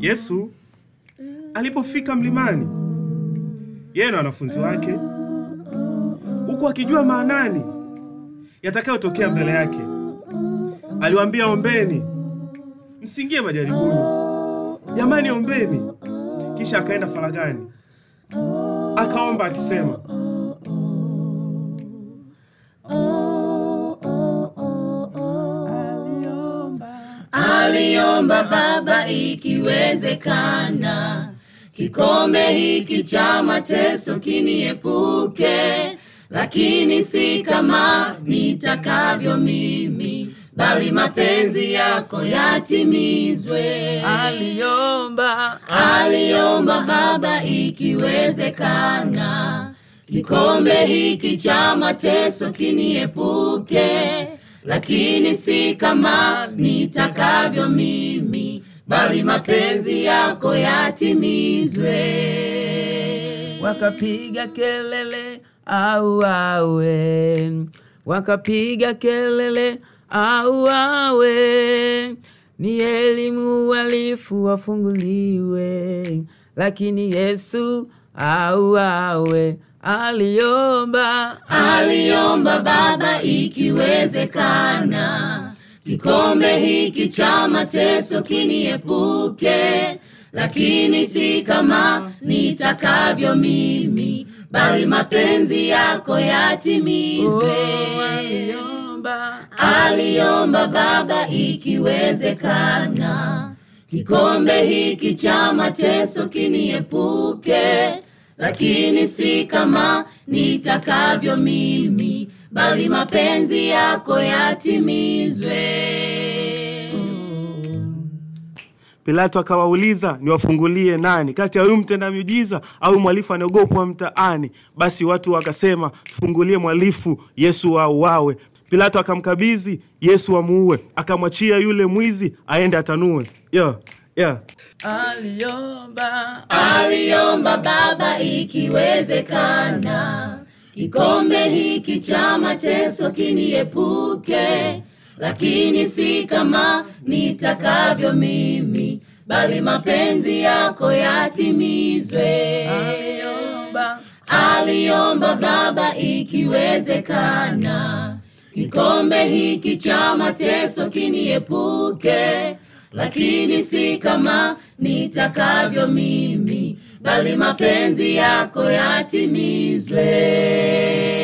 Yesu alipofika mlimani, yeye na wanafunzi wake, huku akijua maanani yatakayotokea mbele yake, aliwaambia, ombeni msingie majaribuni. Jamani, ombeni. Kisha akaenda faragani akaomba akisema Aliomba Baba, ikiwezekana, kikombe hiki cha mateso kiniepuke, lakini si kama nitakavyo mimi bali mapenzi yako yatimizwe. Aliomba, aliomba Baba, ikiwezekana, kikombe hiki cha mateso kiniepuke lakini si kama nitakavyo mimi, bali mapenzi yako yatimizwe. Wakapiga kelele au awe, wakapiga kelele au awe, ni elimu walifu wafunguliwe, lakini Yesu au awe Aliomba, aliomba Baba, ikiwezekana kikombe hiki cha mateso kiniepuke, lakini si kama nitakavyo mimi, bali mapenzi yako yatimizwe. Oh, aliomba, aliomba Baba, ikiwezekana kikombe hiki cha mateso kiniepuke lakini si kama nitakavyo mimi bali mapenzi yako yatimizwe Pilato akawauliza, niwafungulie nani kati ya huyu mtenda miujiza au mwalifu anaogopwa mtaani? Basi watu wakasema, tufungulie mwalifu, Yesu auawe. Pilato akamkabizi Yesu amuue, akamwachia yule mwizi aende atanue yeah. Yeah. Aliomba, aliomba Baba, ikiwezekana kikombe hiki cha mateso kiniepuke, lakini si kama nitakavyo mimi, bali mapenzi yako yatimizwe. Aliomba, aliomba Baba, ikiwezekana kikombe hiki cha mateso kiniepuke lakini si kama nitakavyo mimi, bali mapenzi yako yatimizwe.